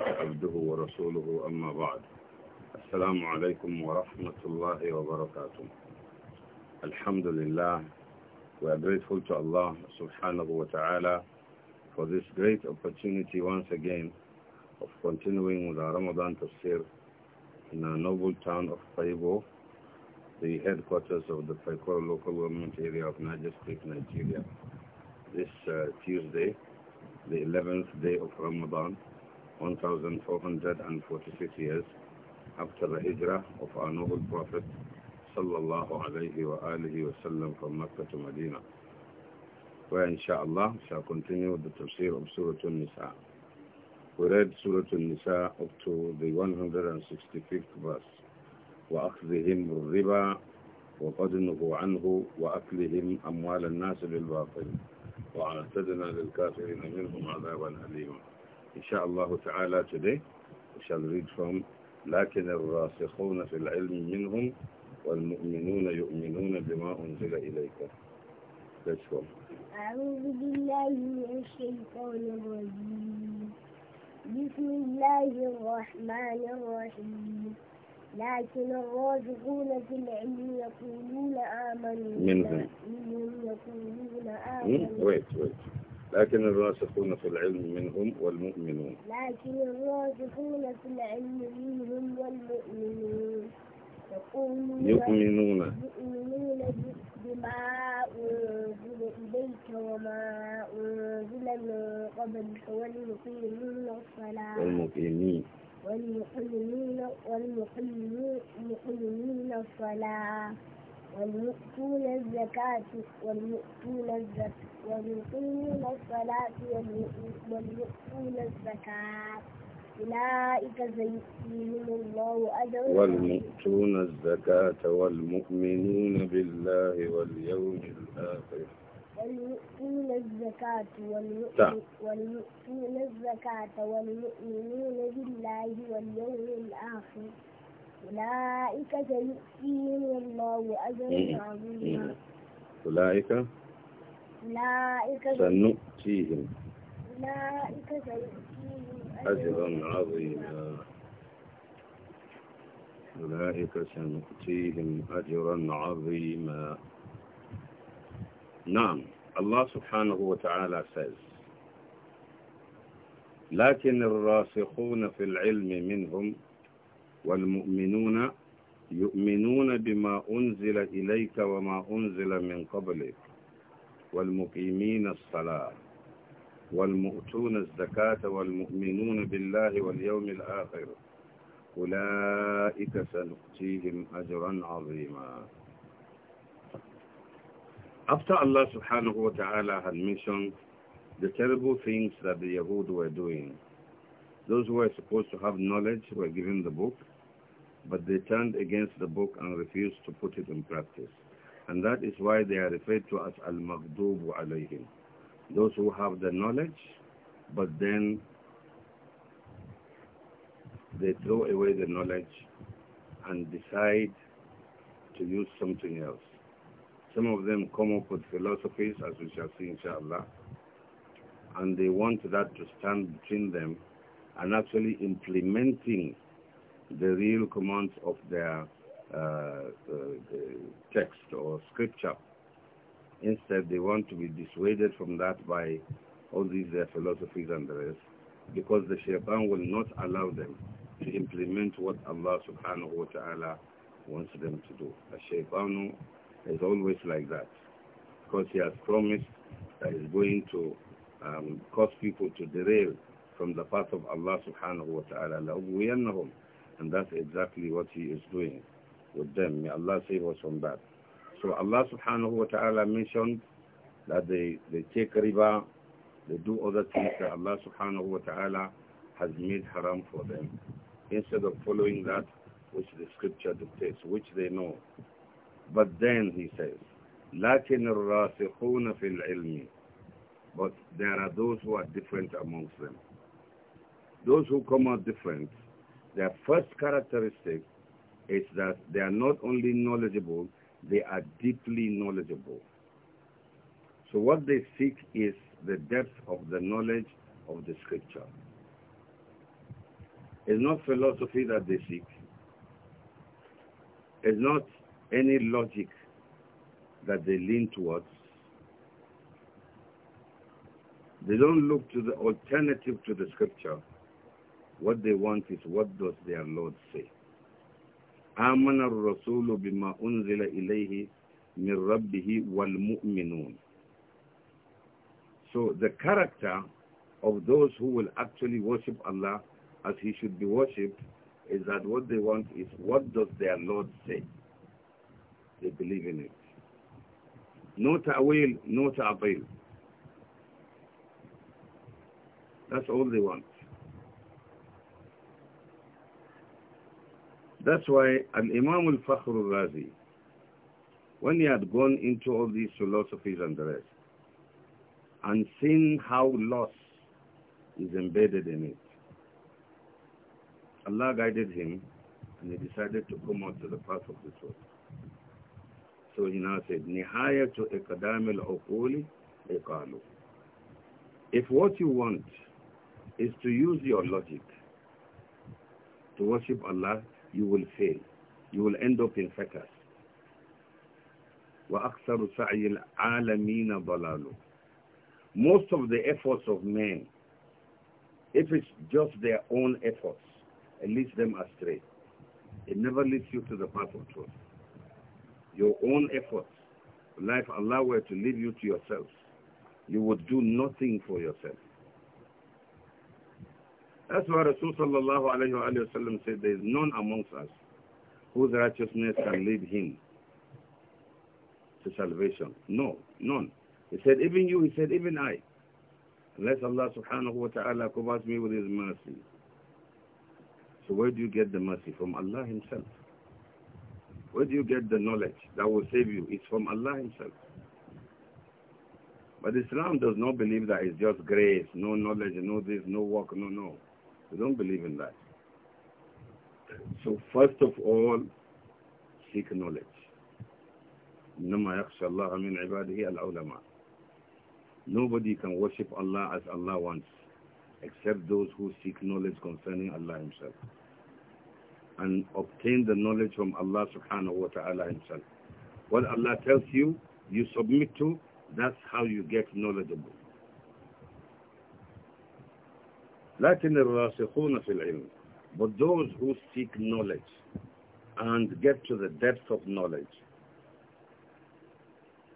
عبده ورسوله أما بعد السلام عليكم ورحمة الله وبركاته الحمد لله We are grateful to Allah subhanahu wa ta'ala for this great opportunity once again of continuing with our Ramadan tafsir in our noble town of Faibo, the headquarters of the Faikoro local government area of Niger State, Nigeria. This uh, Tuesday, the 11th day of Ramadan, 1446 years after the hijrah of our noble prophet sallallahu alayhi wa alihi wa sallam from Makkah to Medina where inshallah shall continue the tafsir of Surah An-Nisa. We read Surah An-Nisa up to the 165th verse. وَأَخْذِهِمْ الرِّبَى وَقَدْ عَنْهُ وَأَكْلِهِمْ أَمْوَالَ النَّاسِ بِالْبَاطِلِ وَأَعْتَدْنَا لِلْكَافِرِينَ مِنْهُمْ عَذَابًا أَلِيمًا إن شاء الله تعالى today we shall read from لكن الراسخون في العلم منهم والمؤمنون يؤمنون بما أنزل إليك Let's أعوذ بالله من الشيطان الرجيم بسم الله الرحمن الرحيم لكن الراسخون في العلم يقولون آمنا منهم منهم يقولون hmm? آمنا Wait, wait لكن الراسخون في العلم منهم والمؤمنون لكن الراسخون في العلم منهم والمؤمنون يؤمنون يؤمنون بما أنزل إليك وما أنزل من قبلك والمقيمين الصلاة والمقيمين والمقيمين والمقيمين الصلاة والمؤتون الزكاة والمؤتون الزكاة والمقيمون الصلاة والمؤتون الزكاة أولئك سيؤتيهم الله أجرهم والمؤتون الزكاة والمؤمنون بالله واليوم الآخر والمؤتون الزكاة والمؤتون نعم. الزكاة والمؤمنون بالله واليوم الآخر أولئك سيؤتيهم الله أجرا عظيما أولئك أولئك سنؤتيهم أولئك سيؤتيهم أجرا عظيما أولئك سنؤتيهم أجرا عظيما نعم الله سبحانه وتعالى says لكن الراسخون في العلم منهم والمؤمنون يؤمنون بما أنزل إليك وما أنزل من قبلك والمقيمين الصلاة والمؤتون الزكاة والمؤمنون بالله واليوم الآخر أولئك سنؤتيهم أجرا عظيما After Allah subhanahu wa ta'ala had mentioned the terrible things that the Yahud were doing, those who were supposed to have knowledge were given the book, but they turned against the book and refused to put it in practice. And that is why they are referred to as al-maghdubu alayhim, those who have the knowledge, but then they throw away the knowledge and decide to use something else. Some of them come up with philosophies, as we shall see inshallah, and they want that to stand between them and actually implementing the real commands of their uh, uh, the text or scripture. Instead, they want to be dissuaded from that by all these their uh, philosophies and the rest, because the shaitan will not allow them to implement what Allah subhanahu wa ta'ala wants them to do. The shaitan is always like that, because he has promised that he's going to um, cause people to derail from the path of Allah subhanahu wa ta'ala. And that's exactly what he is doing with them. May Allah save us from that. So Allah subhanahu wa ta'ala mentioned that they, they take riba, they do other things that Allah subhanahu wa ta'ala has made haram for them instead of following that which the scripture dictates, which they know. But then he says, لكن الراسخون في العلم But there are those who are different amongst them. Those who come out different their first characteristic is that they are not only knowledgeable, they are deeply knowledgeable. So what they seek is the depth of the knowledge of the scripture. It's not philosophy that they seek. It's not any logic that they lean towards. They don't look to the alternative to the scripture what they want is what does their Lord say? آمن الرسول بما أنزل إليه من ربه والمؤمنون So the character of those who will actually worship Allah as he should be worshipped is that what they want is what does their Lord say? They believe in it. No ta'wil, no ta'wil. That's all they want. That's why an Imam al-Fakhr al-Razi, when he had gone into all these philosophies and the rest, and seen how loss is embedded in it, Allah guided him and he decided to come out to the path of the truth. So he now said, Nihayatu ikadam al-uquli If what you want is to use your logic to worship Allah, you will fail. You will end up in fracas. وَأَكْثَرُ سَعْيِ الْعَالَمِينَ ضَلَالُ Most of the efforts of men, if it's just their own efforts, it leads them astray. It never leads you to the path of truth. Your own efforts, life Allah were to lead you to yourselves, you would do nothing for yourself. That's why Rasul sallallahu alayhi wa, sallam said, there is none amongst us whose righteousness can lead him to salvation. No, none. He said, even you, he said, even I. Unless Allah subhanahu wa ta'ala covers me with his mercy. So where do you get the mercy? From Allah himself. Where do you get the knowledge that will save you? It's from Allah himself. But Islam does not believe that it's just grace, no knowledge, no this, no work, no, no. We don't believe in that. So first of all, seek knowledge. إنما يخشى الله من عباده العلماء. Nobody can worship Allah as Allah wants, except those who seek knowledge concerning Allah Himself and obtain the knowledge from Allah subhanahu wa ta'ala Himself. What Allah tells you, you submit to, that's how you get knowledgeable. لكن الراسخون في العلم but those who seek knowledge and get to the depth of knowledge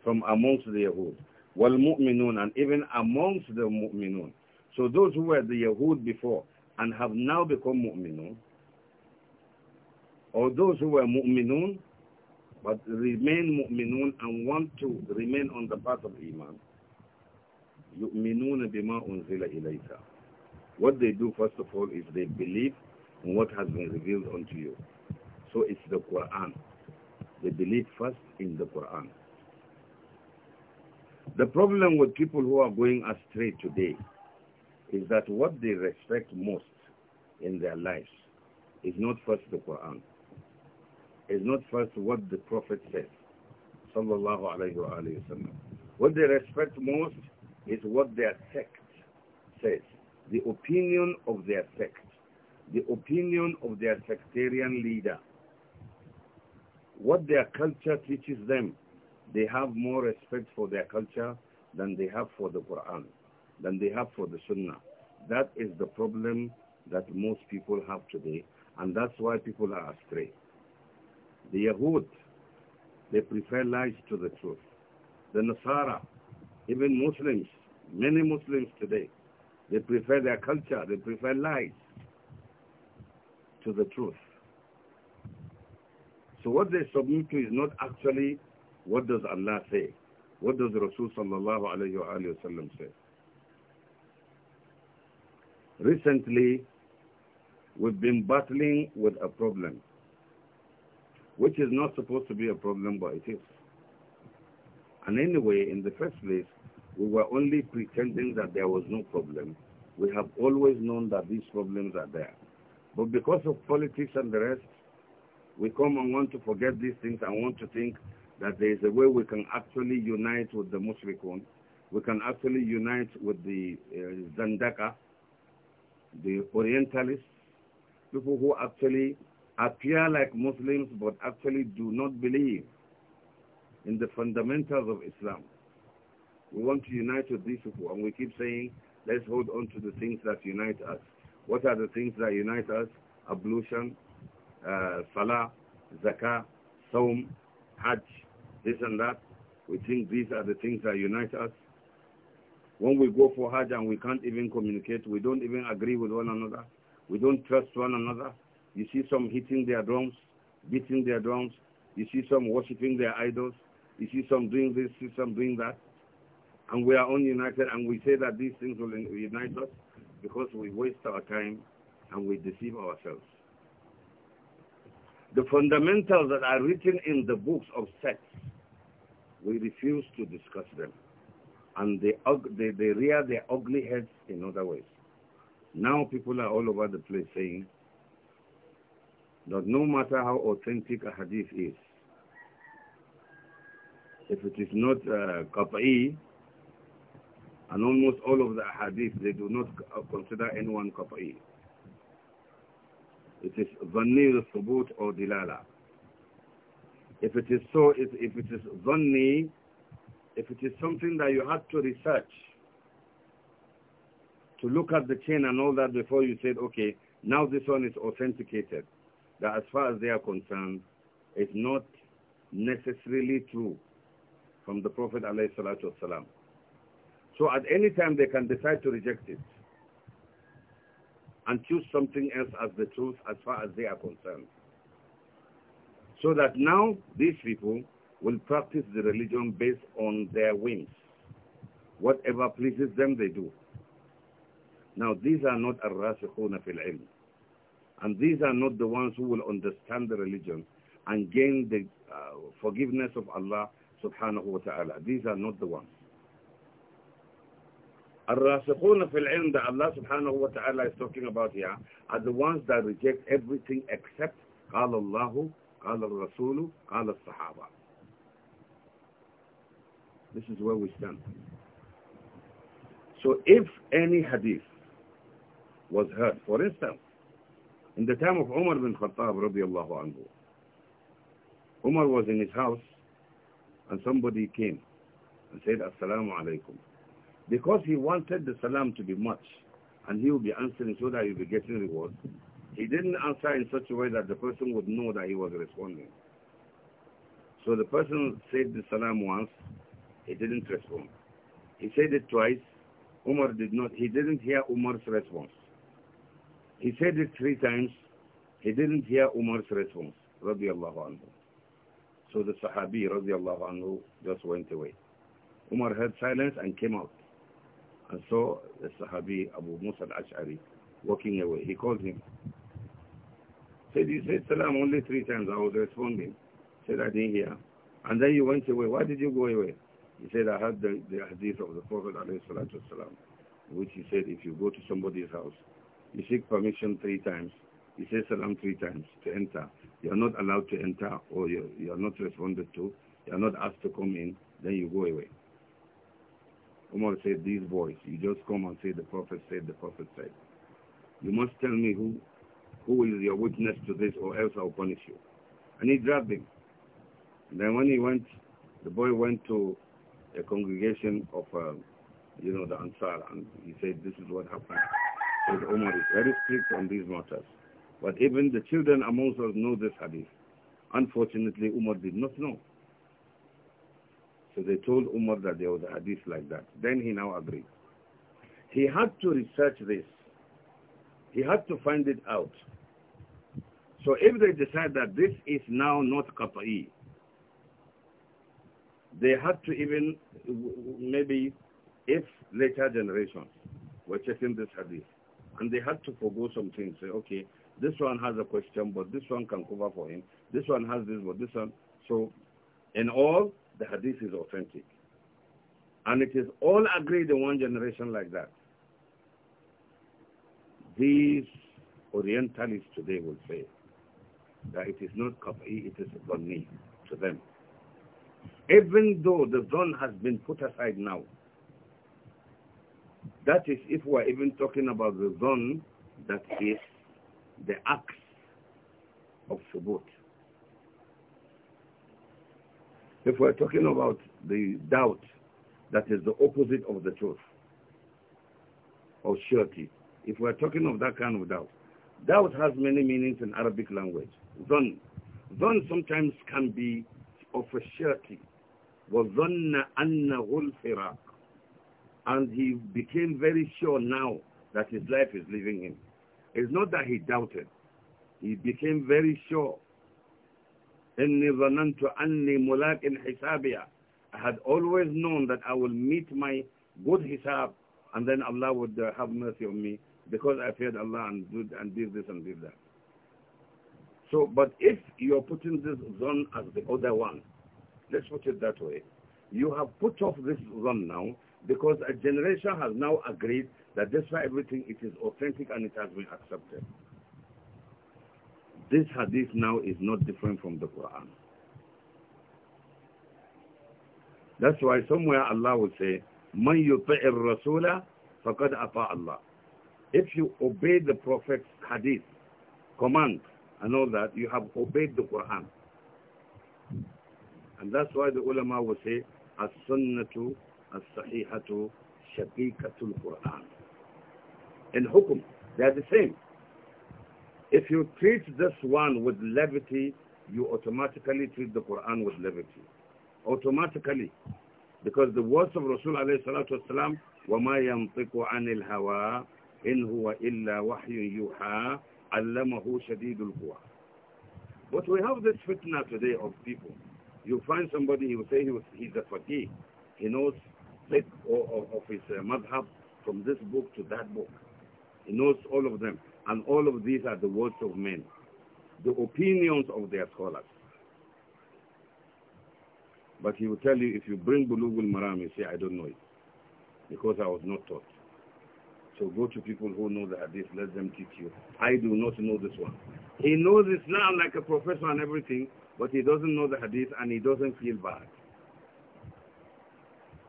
from amongst the Yahud والمؤمنون and even amongst the mu'minun so those who were the Yahud before and have now become mu'minun or those who were mu'minun but remain mu'minun and want to remain on the path of Iman يؤمنون بما أنزل إليك what they do, first of all, is they believe in what has been revealed unto you. So it's the Quran. They believe first in the Quran. The problem with people who are going astray today is that what they respect most in their lives is not first the Quran. It's not first what the Prophet says, Sallallahu alayhi wa What they respect most is what their sect says the opinion of their sect, the opinion of their sectarian leader. What their culture teaches them, they have more respect for their culture than they have for the Quran, than they have for the Sunnah. That is the problem that most people have today, and that's why people are astray. The Yahud, they prefer lies to the truth. The Nasara, even Muslims, many Muslims today, they prefer their culture. They prefer lies to the truth. So what they submit to is not actually what does Allah say? What does Rasul sallallahu alayhi wa say? Recently, we've been battling with a problem, which is not supposed to be a problem, but it is. And anyway, in the first place, we were only pretending that there was no problem. We have always known that these problems are there. But because of politics and the rest, we come and want to forget these things and want to think that there is a way we can actually unite with the Mushrikun. We can actually unite with the uh, Zandaka, the Orientalists, people who actually appear like Muslims but actually do not believe in the fundamentals of Islam. We want to unite with these people, and we keep saying, let's hold on to the things that unite us. What are the things that unite us? Ablution, uh, Salah, Zakah, Sawm, Hajj, this and that. We think these are the things that unite us. When we go for Hajj and we can't even communicate, we don't even agree with one another, we don't trust one another. You see some hitting their drums, beating their drums. You see some worshipping their idols. You see some doing this, you see some doing that and we are ununited and we say that these things will unite us because we waste our time and we deceive ourselves. The fundamentals that are written in the books of sects, we refuse to discuss them. And they, they, they rear their ugly heads in other ways. Now people are all over the place saying that no matter how authentic a hadith is, if it is not uh, and almost all of the hadith, they do not uh, consider anyone kafi. It is dhanni subut or dilala. If it is so, if, if it is dhanni, if it is something that you have to research, to look at the chain and all that before you said, okay, now this one is authenticated, that as far as they are concerned, it's not necessarily true from the Prophet alayhi salatu wasalam. So at any time they can decide to reject it and choose something else as the truth as far as they are concerned. So that now these people will practice the religion based on their whims. Whatever pleases them, they do. Now these are not al rasikhuna fil ilm. And these are not the ones who will understand the religion and gain the uh, forgiveness of Allah subhanahu wa ta'ala. These are not the ones. الراسخون في العلم that Allah subhanahu wa ta'ala is talking about here are the ones that reject everything except قال الله قال الرسول قال الصحابة This is where we stand. So if any hadith was heard, for instance, in the time of Umar bin Khattab radiallahu anhu, Umar was in his house and somebody came and said, Assalamu alaikum. Because he wanted the salam to be much, and he will be answering so that he will be getting reward, he didn't answer in such a way that the person would know that he was responding. So the person said the salam once, he didn't respond. He said it twice, Umar did not, he didn't hear Umar's response. He said it three times, he didn't hear Umar's response, radiallahu anhu. So the Sahabi, radiallahu anhu, just went away. Umar heard silence and came out and saw the Sahabi Abu Musa al-Ash'ari walking away. He called him. Said, you said salam only three times. I was responding. Said, I didn't hear. And then you went away. Why did you go away? He said, I had the, the hadith of the Prophet والسلام, which he said, if you go to somebody's house, you seek permission three times. You say salam three times to enter. You are not allowed to enter or you, you are not responded to. You are not asked to come in. Then you go away. Umar said, this voice. You just come and say, the Prophet said, the Prophet said. You must tell me who, who is your witness to this or else I'll punish you. And he grabbed him. And then when he went, the boy went to a congregation of, uh, you know, the Ansar, and he said, this is what happened. So said, Umar is very strict on these matters. But even the children amongst us know this hadith. Unfortunately, Umar did not know. So they told Umar that there was a hadith like that. Then he now agreed. He had to research this. He had to find it out. So if they decide that this is now not qat'i, they had to even, maybe if later generations were checking this hadith, and they had to forego some things, say, okay, this one has a question, but this one can cover for him. This one has this, but this one. So in all, the hadith is authentic. And it is all agreed in one generation like that. These Orientalists today will say that it is not Kaf'i, it is Dhanni to them. Even though the zon has been put aside now, that is if we are even talking about the zon, that is the axe of Subut. If we're talking about the doubt that is the opposite of the truth or surety, if we're talking of that kind of doubt, doubt has many meanings in Arabic language. Zon. Zon sometimes can be of a surety. وَظَنَّ أَنَّهُ الْفِرَاقِ And he became very sure now that his life is leaving him. It's not that he doubted. He became very sure إني ظننت أني ملاك حسابيا I had always known that I will meet my good hisab and then Allah would uh, have mercy on me because I feared Allah and did, and did this and did that. So, but if you're putting this zon as the other one, let's put it that way, you have put off this zon now because a generation has now agreed that this is everything it is authentic and it has been accepted. This hadith now is not different from the Quran. That's why somewhere Allah will say, Man yuti'ir rasula faqad ata Allah. If you obey the Prophet's hadith, command, and all that, you have obeyed the Quran. And that's why the ulama will say, As-sunnatu as-sahihatu shaqiqatul Quran. In hukum, they are the same. If you treat this one with levity, you automatically treat the Quran with levity. Automatically. Because the words of Rasul alayhi salatu wasalam, وَمَا يَنْطِقُ عَنِ الْهَوَىٰ إِنْ هُوَ إِلَّا وَحْيٌ يُوحَىٰ عَلَّمَهُ شَدِيدُ الْقُوَىٰ But we have this fitna today of people. You find somebody, he will say he was, he's a faqih. He knows of, of, of his uh, madhab from this book to that book. He knows all of them. And all of these are the words of men, the opinions of their scholars. But he will tell you, if you bring Bulugul Maram, you say, I don't know it, because I was not taught. So go to people who know the hadith, let them teach you. I do not know this one. He knows Islam like a professor and everything, but he doesn't know the hadith and he doesn't feel bad.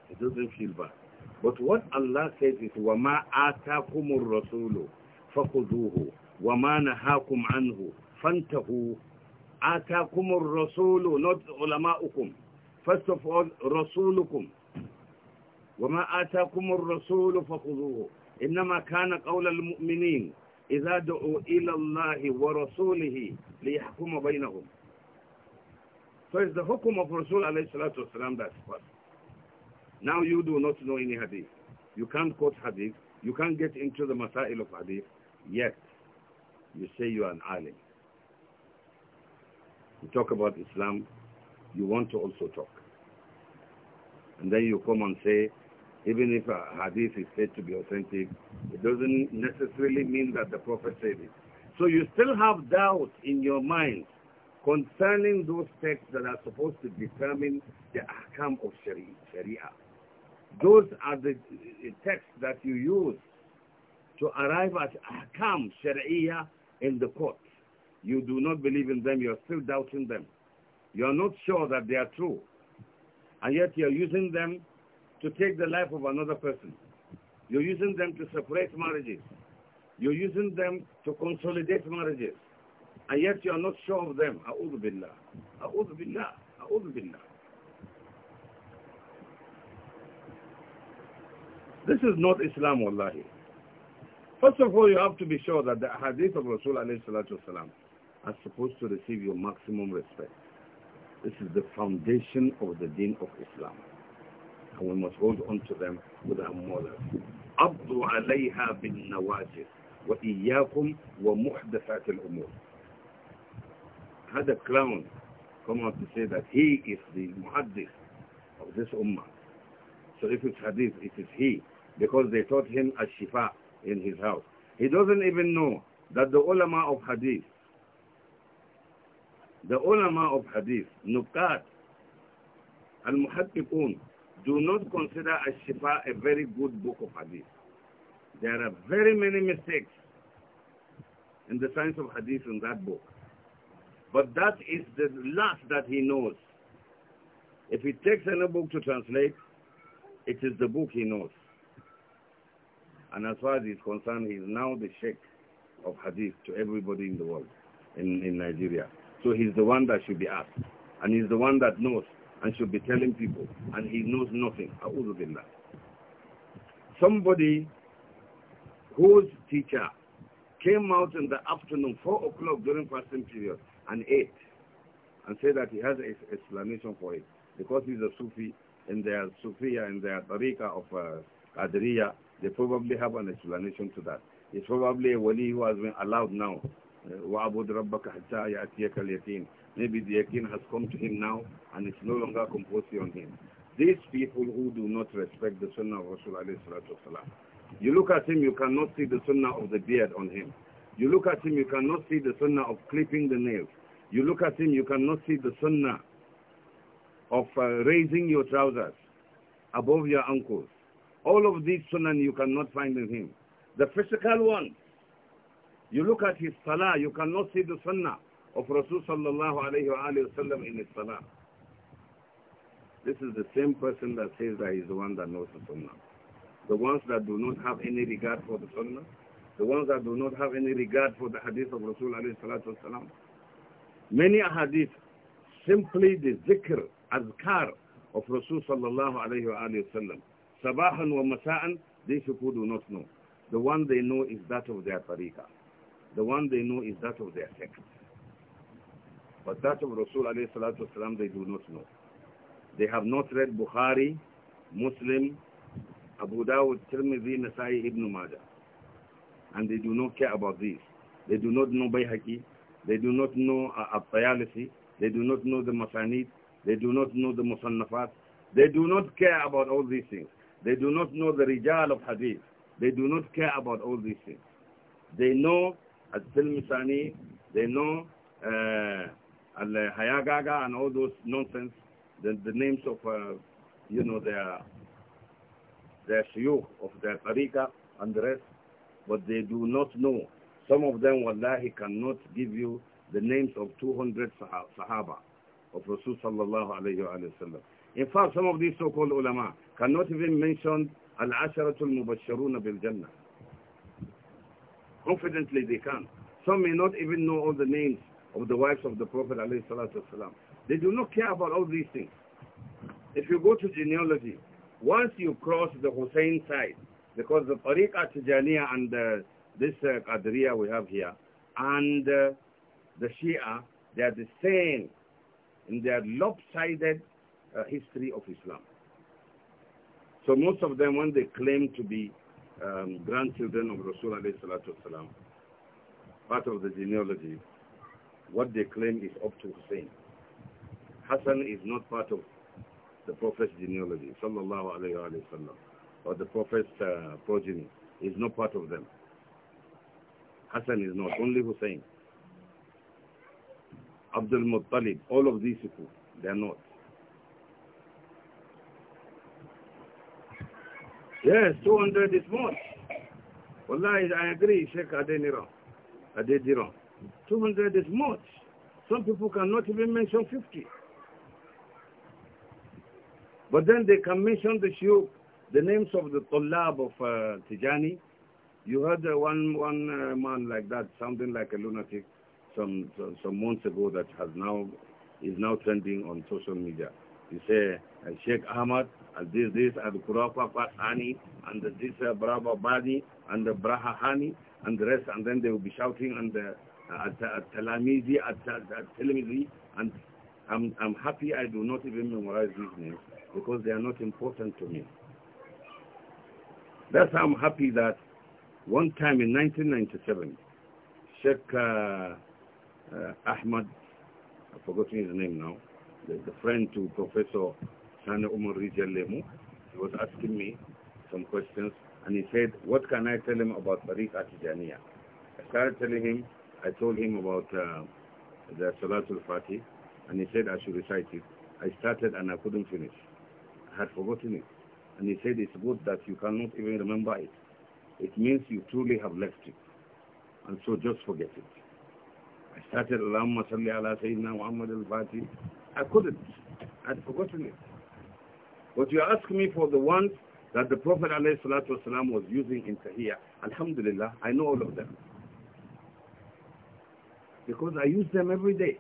He doesn't feel bad. But what Allah says is, وَمَا آتَاكُمُ الرَّسُولُ فخذوه وما نهاكم عنه فانتهوا آتاكم الرسول نض علماؤكم فاستفعوا رسولكم وما آتاكم الرسول فخذوه إنما كان قول المؤمنين إذا دعوا إلى الله ورسوله ليحكم بينهم فإذا so حكم الرسول عليه الصلاة والسلام that's what now you do not know any hadith you can't quote hadith you can't get into the masail of hadith Yet, you say you are an alim. You talk about Islam, you want to also talk. And then you come and say, even if a hadith is said to be authentic, it doesn't necessarily mean that the Prophet said it. So you still have doubt in your mind concerning those texts that are supposed to determine the ahkam of Sharia. Those are the texts that you use to arrive at ahkam Sharia in the court. You do not believe in them. You are still doubting them. You are not sure that they are true. And yet you are using them to take the life of another person. You're using them to separate marriages. You're using them to consolidate marriages. And yet you are not sure of them. A'udhu billah. A'udhu billah. A'udhu billah. This is not Islam, wallahi. First of all, you have to be sure that the hadith of Rasul والسلام, are supposed to receive your maximum respect. This is the foundation of the deen of Islam. And we must hold on to them with our mothers. عَبْدُ عَلَيْهَا بِالنَّوَاجِرِ وَإِيَّاكُمْ وَمُحْدَثَاتِ الْأُمُورِ Had a clown come out to say that he is the muhaddith of this ummah. So if it's hadith, it is he, because they taught him as-shifa, in his house. He doesn't even know that the ulama of hadith, the ulama of hadith, nukat, al-muhaddithun, do not consider Ash-Shifa a very good book of hadith. There are very many mistakes in the science of hadith in that book. But that is the last that he knows. If he takes any book to translate, it is the book he knows. And as far as he's concerned, he's now the sheikh of hadith to everybody in the world, in, in Nigeria. So he's the one that should be asked. And he's the one that knows and should be telling people. And he knows nothing. A'udhu Somebody whose teacher came out in the afternoon, 4 o'clock during fasting period, and ate, and said that he has an explanation for it. Because he's a Sufi, and they are Sufiya, and they are Tariqa of uh, they probably have an explanation to that. It's probably a wali who has been allowed now. Uh, Maybe the yaqeen has come to him now and it's no longer compulsory on him. These people who do not respect the sunnah of Rasulullah you look at him, you cannot see the sunnah of the beard on him. You look at him, you cannot see the sunnah of clipping the nails. You look at him, you cannot see the sunnah of uh, raising your trousers above your ankles. All of these sunan you cannot find in him. The physical one, you look at his salah, you cannot see the sunnah of Rasul sallallahu alayhi wa in his salah. This is the same person that says that he's the one that knows the sunnah. The ones that do not have any regard for the sunnah, the ones that do not have any regard for the hadith of Rasul alayhi salatu Many hadith, simply the zikr, azkar of Rasul sallallahu alayhi wa sallam Sabahan wa masa'an, they people do not know. The one they know is that of their tariqah. The one they know is that of their sect. But that of Rasul alayhi salatu wasalam, they do not know. They have not read Bukhari, Muslim, Abu Dawud, Tirmidhi, Nasai, Ibn Majah. And they do not care about these. They do not know Bayhaqi. They do not know uh, At-Tayalisi. They do not know the Masanid. They do not know the Musannafat. They do not care about all these things. They do not know the rijal of hadith. They do not care about all these things. They know al-Tilmisani, they know uh, al-Hayagaga and all those nonsense, the, the names of, uh, you know, their, their shuyukh of their tariqah and the rest, but they do not know. Some of them, wallahi, cannot give you the names of 200 sahaba of Rasul sallallahu alayhi wa sallam. In fact, some of these so-called ulama, cannot even mention Al-Asharatul Mubashsharuna Bil Jannah. Confidently they can. Some may not even know all the names of the wives of the Prophet والسلام. They do not care about all these things. If you go to genealogy, once you cross the Hussein side, because the Tariqa Jania and the, this uh, Qadriya we have here, and uh, the Shia, they are the same in their lopsided uh, history of Islam. So most of them, when they claim to be um, grandchildren of Rasul والسلام, part of the genealogy, what they claim is up to Hussein. Hassan is not part of the Prophet's genealogy, sallallahu alayhi wa sallam, or the Prophet's uh, progeny, is not part of them. Hassan is not, only Hussein. Abdul Muttalib, all of these people, they are not. Yes, 200 is more. Wallahi, I agree, Sheikh Adenira. Adediran. 200 is much. Some people cannot even mention 50. But then they can mention the the names of the Tullab of uh, Tijani. You heard uh, one, one uh, man like that, sounding like a lunatic, some, some, some months ago that has now, is now trending on social media. He say, uh, Sheikh Ahmad and this, this, and and this uh, Brahma and the Brahahani, and the rest, and then they will be shouting and the uh, at Telamizi, at Telemizi, and I'm, I'm happy I do not even memorize these names because they are not important to me. That's how I'm happy that one time in 1997, Sheikh uh, uh, Ahmad, I've forgotten his name now, the, the friend to Professor Umar He was asking me some questions and he said, what can I tell him about Tariqa Tijaniya? I started telling him, I told him about uh, the Salatul Fatih and he said I should recite it. I started and I couldn't finish. I had forgotten it. And he said it's good that you cannot even remember it. It means you truly have left it. And so just forget it. I started Allahumma salli ala Sayyidina Muhammad al-Fatih. I couldn't. I'd forgotten it. But you ask me for the ones that the Prophet ﷺ was using in Tahiyya. Alhamdulillah, I know all of them. Because I use them every day.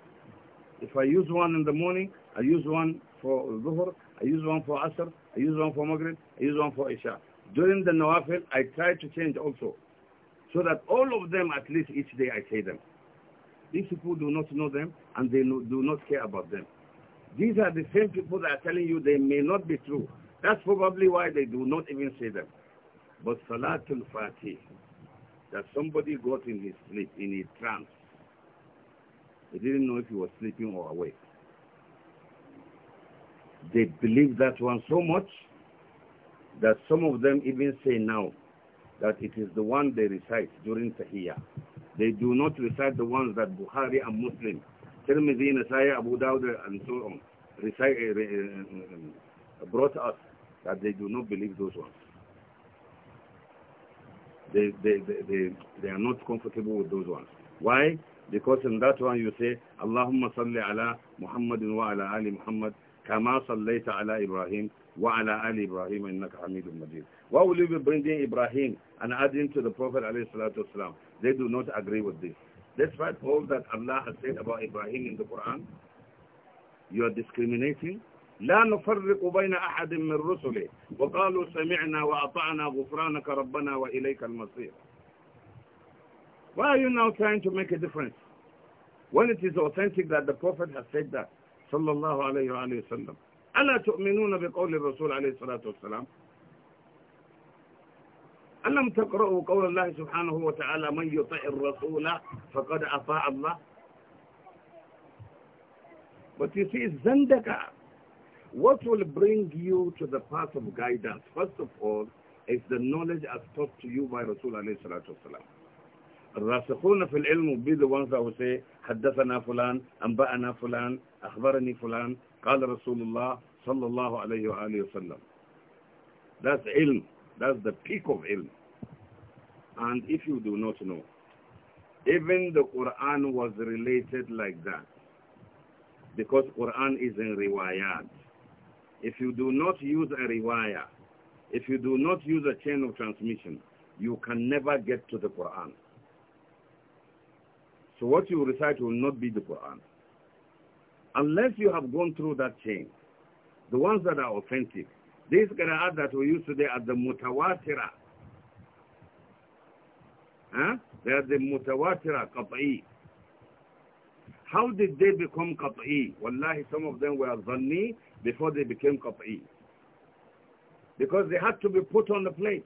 If I use one in the morning, I use one for Dhuhr, I use one for Asr, I use one for Maghrib, I use one for Isha. During the Nawafil, I try to change also. So that all of them, at least each day, I say them. These people do not know them and they do not care about them. These are the same people that are telling you they may not be true. That's probably why they do not even say them. But Salatul Fatih, that somebody got in his sleep, in a trance. He didn't know if he was sleeping or awake. They believe that one so much that some of them even say now that it is the one they recite during Tahiyya. They do not recite the ones that Bukhari and Muslim Tirmidhi, Nasai, Abu Dawud, and so on, recite, uh, uh, brought us that they do not believe those ones. They, they, they, they, they are not comfortable with those ones. Why? Because in that one you say, Allahumma salli ala Muhammadin wa ala ali Muhammad, kama sallaita ala Ibrahim wa ala ali Ibrahim innaka hamidun majid. Why will you be bringing Ibrahim and adding to the Prophet alayhi salatu wasalam? They do not agree with this. Despite all that Allah has said about Ibrahim in the Quran, you are discriminating. لا نفرق بين أحد من رسله وقالوا سمعنا وأطعنا غفرانك ربنا وإليك المصير Why are you now trying to make a difference? When it is authentic that the Prophet has said that, صلى الله عليه وآله وسلم ألا تؤمنون بقول الرسول عليه الصلاة والسلام ألم تقرأوا قول الله سبحانه وتعالى من يطع الرسول فقد أطاع الله But you see, Zandaka, what will bring you to the path of guidance, first of all, is the knowledge as taught to you by Rasul alayhi salatu wasalam. الراسخون في العلم will be the ones that will say حدثنا فلان أنبأنا فلان أخبرني فلان قال رسول الله صلى الله عليه وآله وسلم. That's ilm. That's the peak of ilm. And if you do not know, even the Quran was related like that. Because Quran is in riwayat. If you do not use a riwayah, if you do not use a chain of transmission, you can never get to the Quran. So what you recite will not be the Quran. Unless you have gone through that chain. The ones that are authentic, these qira'at that we use today are the mutawatira. Huh? They are the mutawatira qat'i. How did they become qat'i? Wallahi, some of them were zanni before they became qat'i. Because they had to be put on the plate.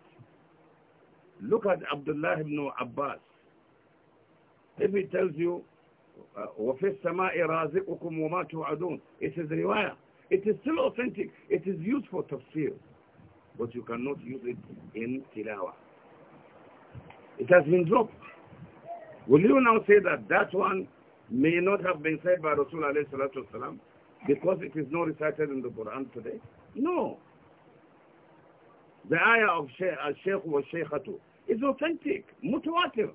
Look at Abdullah ibn Abbas. If he tells you, وَفِي السَّمَاءِ رَازِقُكُمْ وَمَا تُوعَدُونَ It is riwayah. It is still authentic. It is used for tafsir. But you cannot use it in tilawa. It has been dropped. Will you now say that that one may not have been said by Rasulullah والسلام, because it is not recited in the Quran today? No. The ayah of Sheikh wa Sheikhatu is authentic, mutawatir.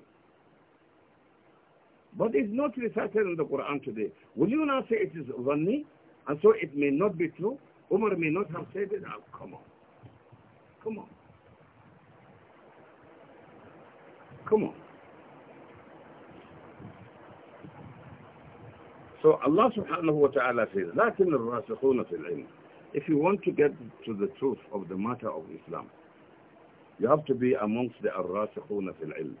But it's not recited in the Quran today. Will you now say it is vanni? And so it may not be true. Umar may not have said it. Oh, come on. Come on. Come on. So Allah subhanahu wa ta'ala says, لَكِنَّ الرَّاسِخُونَ فِي الْعِلْمِ If you want to get to the truth of the matter of Islam, you have to be amongst the الرَّاسِخُونَ فِي الْعِلْمِ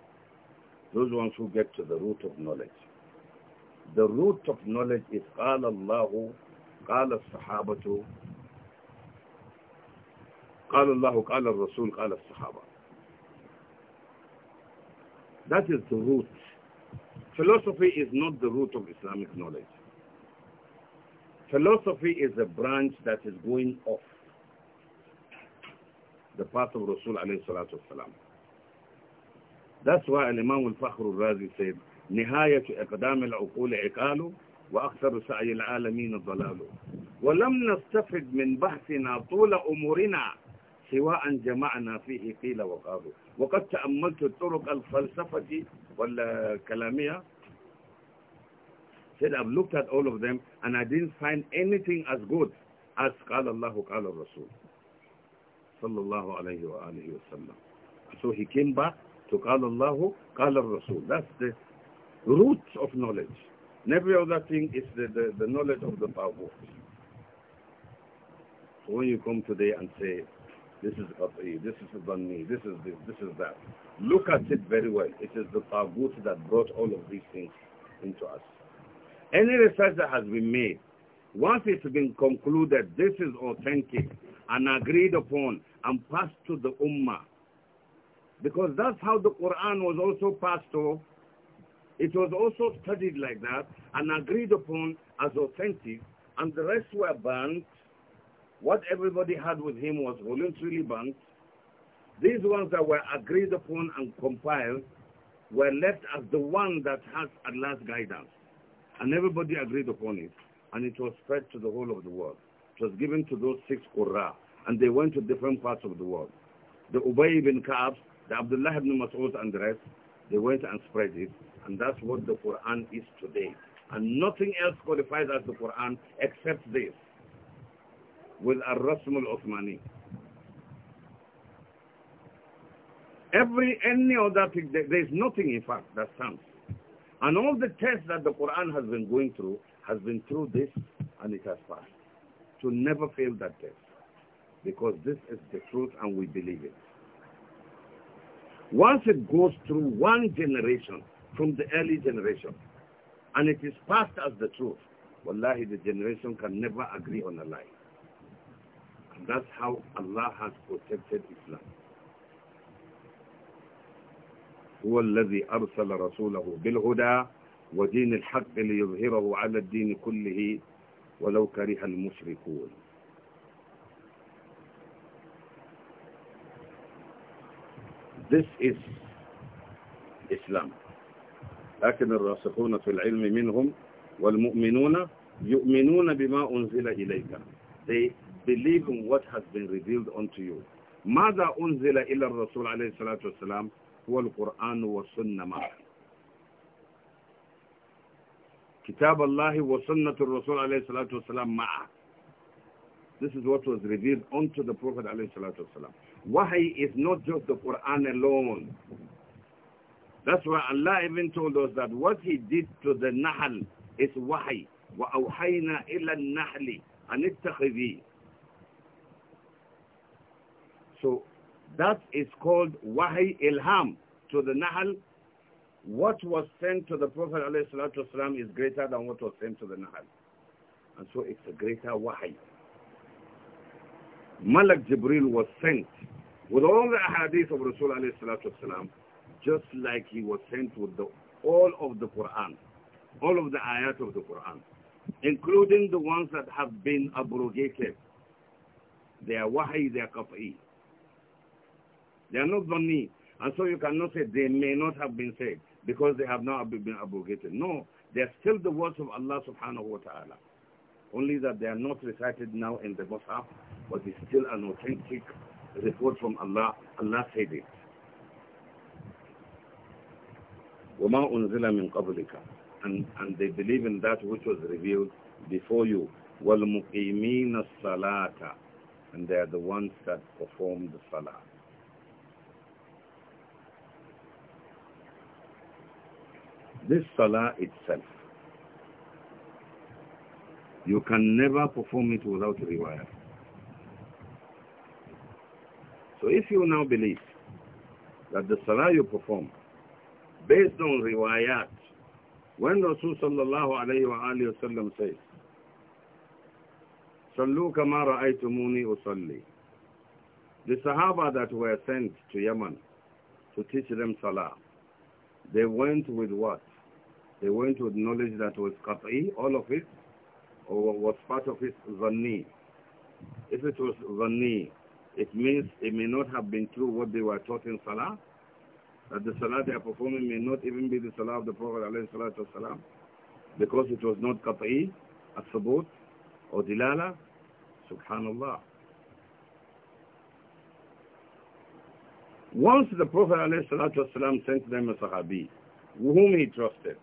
Those ones who get to the root of knowledge. The root of knowledge is قَالَ اللَّهُ قال الصحابة قال الله قال الرسول قال الصحابة That is the root. Philosophy is not the root of Islamic knowledge. Philosophy is a branch that is going off the path of Rasul alayhi salatu wasalam. That's why Imam al-Fakhr al-Razi said, نهاية إقدام العقول عقال وأكثر سعي العالمين الضلال ولم نستفد من بحثنا طول أمورنا سواء جمعنا فيه قيل وقال وقد تأملت الطرق الفلسفة والكلامية said I've looked at all of them and I didn't find anything as good as قال الله قال الرسول صلى الله عليه وآله وسلم so he came back to قال الله قال الرسول that's the roots of knowledge And every other thing is the, the, the knowledge of the Bible. So when you come today and say, this is Qat'i, this is Dhanni, this is this, this is that, look at it very well. It is the Tagut that brought all of these things into us. Any research that has been made, once it's been concluded, this is authentic and agreed upon and passed to the Ummah. Because that's how the Quran was also passed to it was also studied like that and agreed upon as authentic, and the rest were burnt. What everybody had with him was voluntarily burnt. These ones that were agreed upon and compiled were left as the one that has at last guidance. And everybody agreed upon it. And it was spread to the whole of the world. It was given to those six Qurra. And they went to different parts of the world. The Ubay ibn Ka'ab, the Abdullah ibn Mas'ud and the rest, they went and spread it, and that's what the Quran is today. And nothing else qualifies as the Quran except this, with Ar-Rasm al-Uthmani. Every, any other thing, there is nothing in fact that stands. And all the tests that the Quran has been going through has been through this and it has passed. To never fail that test. Because this is the truth and we believe it. Once it goes through one generation from the early generation, and it is passed as the truth, wallahi, the generation can never agree on a lie. And that's how Allah has protected Islam. هو الذي أرسل رسوله بالهدى ودين الحق ليظهره على الدين كله ولو كره المشركون This is Islam. لكن الراسخون في العلم منهم والمؤمنون يؤمنون بما أنزل إليك. They believe in what has been revealed unto you. ماذا أنزل إلى الرسول عليه الصلاة والسلام هو القرآن والسنة معا كتاب الله وسنة الرسول عليه الصلاة والسلام معا This is what was revealed unto the Prophet عليه الصلاة والسلام Wahi is not just the Quran alone. That's why Allah even told us that what he did to the Nahl is Wahi. وَأَوْحَيْنَا إِلَى النَّحْلِ أَنِ اتَّخِذِي So that is called Wahi Ilham to the Nahl. What was sent to the Prophet ﷺ is greater than what was sent to the Nahl. And so it's a greater Wahi. Malak Jibril was sent with all the ahadith of Rasul والسلام, just like he was sent with the, all of the Quran, all of the ayat of the Quran, including the ones that have been abrogated. They are wahi, they are kaf'i. They are not dhani. And so you cannot say they may not have been said because they have not been abrogated. No, they are still the words of Allah subhanahu wa ta'ala only that they are not recited now in the Mus'haf, but it's still an authentic report from Allah. Allah said it. وَمَا أُنزِلَ مِنْ قَبْلِكَ and, and they believe in that which was revealed before you. وَالْمُقِيمِينَ الصَّلَاةَ And they are the ones that perform the salah. This salah itself you can never perform it without riwayah. So if you now believe that the salah you perform, based on riwayat, when Rasul sallallahu alayhi wa alayhi wa sallam says, Sallu kama ra'aytumuni usalli. The Sahaba that were sent to Yemen to teach them Salah, they went with what? They went with knowledge that was qat'i, all of it, or was part of it zanni. If it was zanni, it means it may not have been true what they were taught in Salah, that the Salah they are performing may not even be the Salah of the Prophet والسلام, because it was not qat'i, as-sabut, or dilala, subhanallah. Once the Prophet والسلام, sent them a Sahabi, whom he trusted,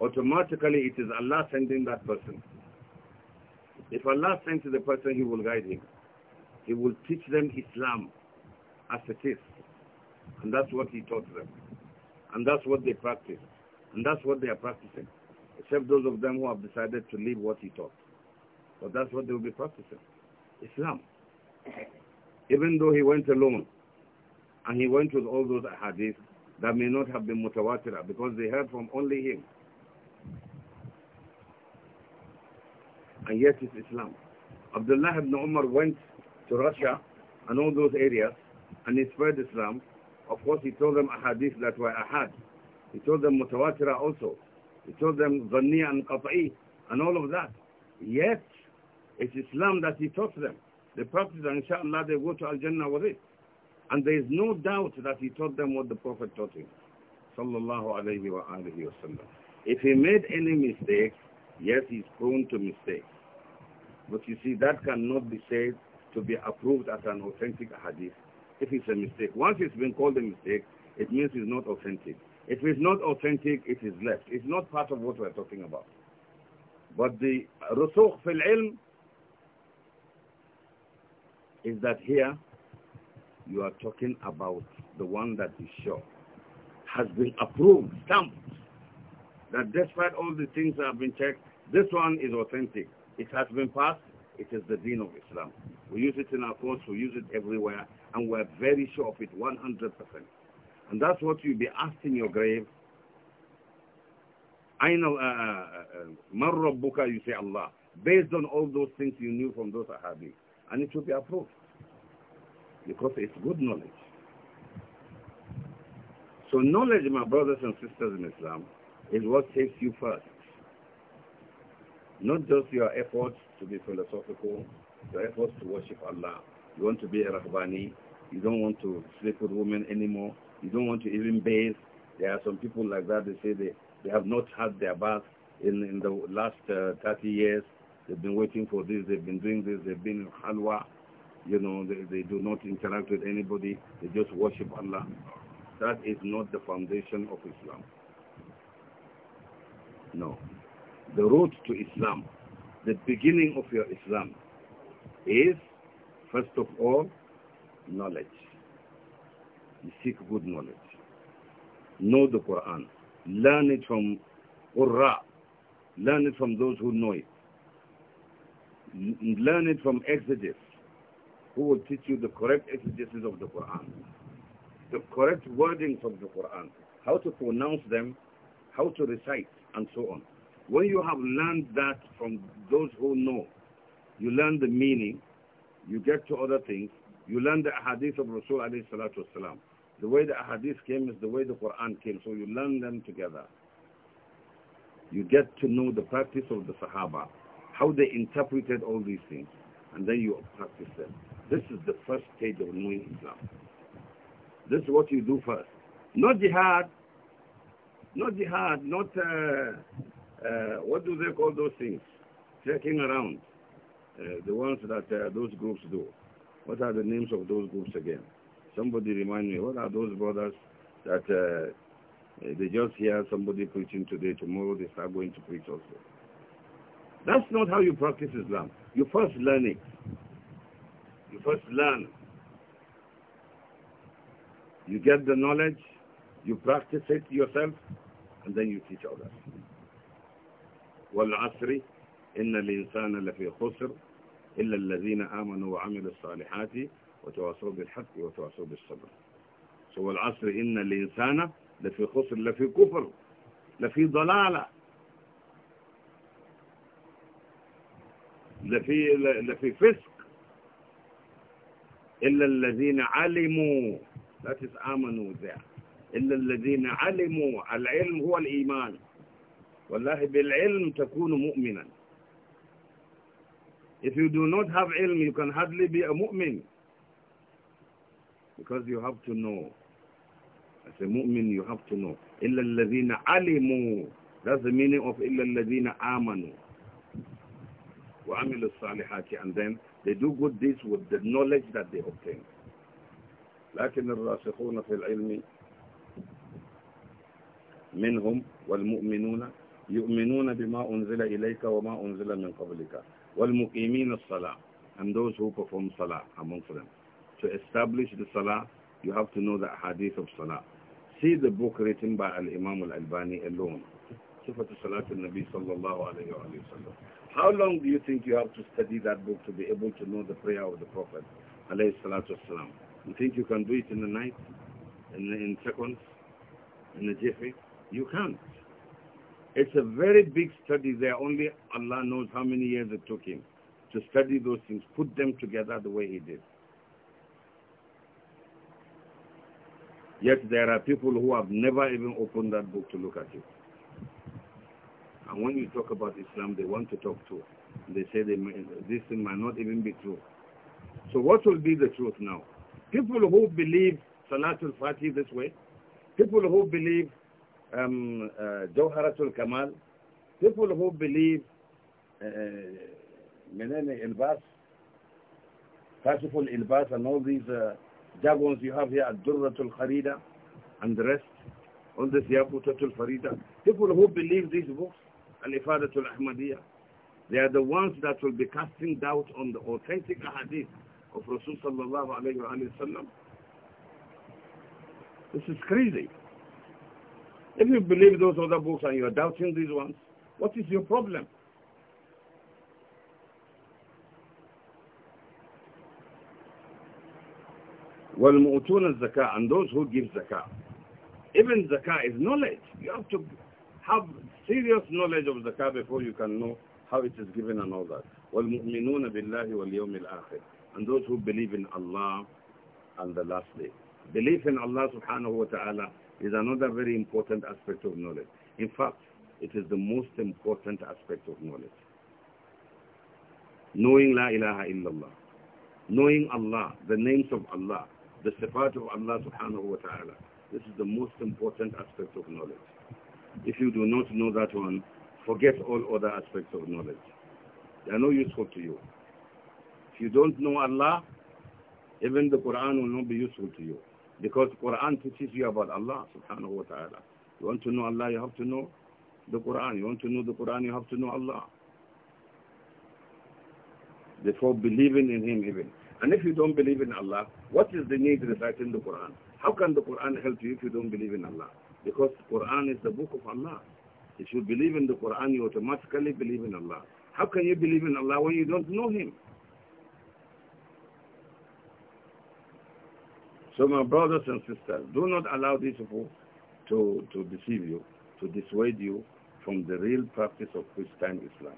automatically it is Allah sending that person. If Allah sends the person, He will guide him. He will teach them Islam as it is. And that's what He taught them. And that's what they practice. And that's what they are practicing. Except those of them who have decided to leave what He taught. But that's what they will be practicing. Islam. Even though He went alone, and He went with all those hadiths that may not have been mutawatirah because they heard from only Him. and yet it's Islam. Abdullah ibn Umar went to Russia and all those areas and he spread Islam. Of course, he told them ahadith that were ahad. He told them mutawatira also. He told them zanniya and qat'i and all of that. Yet, it's Islam that he taught them. They Prophet and inshallah they go to Al-Jannah with it. And there is no doubt that he taught them what the Prophet taught him. Sallallahu alayhi wa wa sallam. If he made any mistakes, yes, he's prone to mistakes. But you see, that cannot be said to be approved as an authentic hadith if it's a mistake. Once it's been called a mistake, it means it's not authentic. If it's not authentic, it is left. It's not part of what we're talking about. But the rusukh fil ilm is that here you are talking about the one that is sure, has been approved, stamped, that despite all the things that have been checked, this one is authentic. It has been passed. It is the deen of Islam. We use it in our courts. We use it everywhere. And we're very sure of it, 100%. And that's what you'll be asked in your grave. I know, uh, uh, uh, uh you say Allah. Based on all those things you knew from those ahadith, And it will be approved. Because it's good knowledge. So knowledge, my brothers and sisters in Islam, is what saves you first. Not just your efforts to be philosophical, your efforts to worship Allah. You want to be a Rahbani. You don't want to sleep with women anymore. You don't want to even bathe. There are some people like that. They say they, they have not had their bath in, in the last uh, 30 years. They've been waiting for this. They've been doing this. They've been in halwa. You know, they, they do not interact with anybody. They just worship Allah. That is not the foundation of Islam. No the road to Islam, the beginning of your Islam is, first of all, knowledge. You seek good knowledge. Know the Quran. Learn it from Qurra. Learn it from those who know it. Learn it from exegetes, who will teach you the correct exegesis of the Quran, the correct wordings of the Quran, how to pronounce them, how to recite, and so on. When you have learned that from those who know, you learn the meaning, you get to other things, you learn the hadith of Rasul alayhi salatu wasalam. The way the hadith came is the way the Quran came, so you learn them together. You get to know the practice of the Sahaba, how they interpreted all these things, and then you practice them. This is the first stage of knowing Islam. This is what you do first. Not jihad, not jihad, not uh, uh, what do they call those things? Checking around, uh, the ones that uh, those groups do. What are the names of those groups again? Somebody remind me, what are those brothers that uh, uh, they just hear somebody preaching today, tomorrow they start going to preach also. That's not how you practice Islam. You first learn it. You first learn. You get the knowledge, you practice it yourself, and then you teach others. والعصر إن الإنسان لفي خسر إلا الذين آمنوا وعملوا الصالحات وتواصوا بالحق وتواصوا بالصبر سوى العصر إن الإنسان لفي خسر لفي كفر لفي ضلالة لفي, لفي فسق إلا الذين علموا لا تتآمنوا ذا إلا الذين علموا العلم هو الإيمان والله بالعلم تكون مؤمنا If you do not have علم you can hardly be a mu'min. Because you have to know. As a mu'min, you have to know. إِلَّا الَّذِينَ عَلِمُوا That's the meaning of إِلَّا الَّذِينَ آمَنُوا وَعَمِلُوا الصَّالِحَاتِ And then they do good deeds with the knowledge that they obtain. لكن الراسخون في العلم منهم والمؤمنون يؤمنون بما أنزل إليك وما أنزل من قبلك والمقيمين الصلاة and those who perform salah amongst them. To establish the salah, you have to know the hadith of salah. See the book written by Al-Imam Al-Albani alone. Sifat Salat al-Nabi sallallahu alayhi wa sallam. How long do you think you have to study that book to be able to know the prayer of the Prophet alayhi salatu wasalam? You think you can do it in the night? In, in seconds? In a jiffy? You can't. It's a very big study there. Only Allah knows how many years it took him to study those things, put them together the way he did. Yet there are people who have never even opened that book to look at it. And when you talk about Islam, they want to talk too. They say they may, this thing might not even be true. So what will be the truth now? People who believe Salatul Fatih this way, people who believe um, uh, Jawharatul Kamal, people who believe menene uh, ilbas, fanciful ilbas and all these uh, jargons you have here at Durratul Kharida and the rest, all this Yaqutatul Farida, people who believe these books, Al-Ifadatul Ahmadiyya, they are the ones that will be casting doubt on the authentic hadith of Rasulullah sallallahu alayhi wa This is crazy. If you believe those other books and you are doubting these ones, what is your problem? وَالْمُؤْتُونَ الزَّكَاءَ And those who give zakah. Even zakah is knowledge. You have to have serious knowledge of zakah before you can know how it is given and all that. وَالْمُؤْمِنُونَ بِاللَّهِ وَالْيَوْمِ الْآخِرِ And those who believe in Allah and the last day. Belief in Allah subhanahu wa ta'ala is another very important aspect of knowledge. In fact, it is the most important aspect of knowledge. Knowing La ilaha illallah, knowing Allah, the names of Allah, the sifat of Allah subhanahu wa ta'ala, this is the most important aspect of knowledge. If you do not know that one, forget all other aspects of knowledge. They are no useful to you. If you don't know Allah, even the Quran will not be useful to you. Because Quran teaches you about Allah subhanahu wa ta'ala. You want to know Allah, you have to know the Quran. You want to know the Quran, you have to know Allah. Before believing in Him even. And if you don't believe in Allah, what is the need reciting the Quran? How can the Quran help you if you don't believe in Allah? Because Quran is the book of Allah. If you believe in the Quran, you automatically believe in Allah. How can you believe in Allah when you don't know Him? So my brothers and sisters, do not allow these people to, to deceive you, to dissuade you from the real practice of Christian Islam.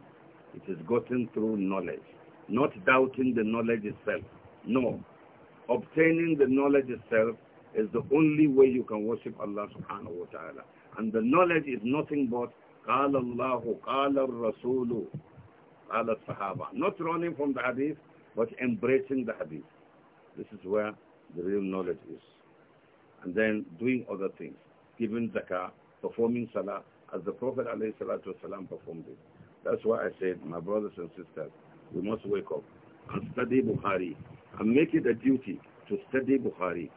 It is gotten through knowledge, not doubting the knowledge itself. No. Obtaining the knowledge itself is the only way you can worship Allah subhanahu wa ta'ala. And the knowledge is nothing but قال الله قال الرسول قال الصحابة. Not running from the hadith, but embracing the hadith. This is where the real knowledge is. And then doing other things, giving zakah, performing salah, as the Prophet ﷺ performed it. That's why I said, my brothers and sisters, we must wake up and study Bukhari and make it a duty to study Bukhari.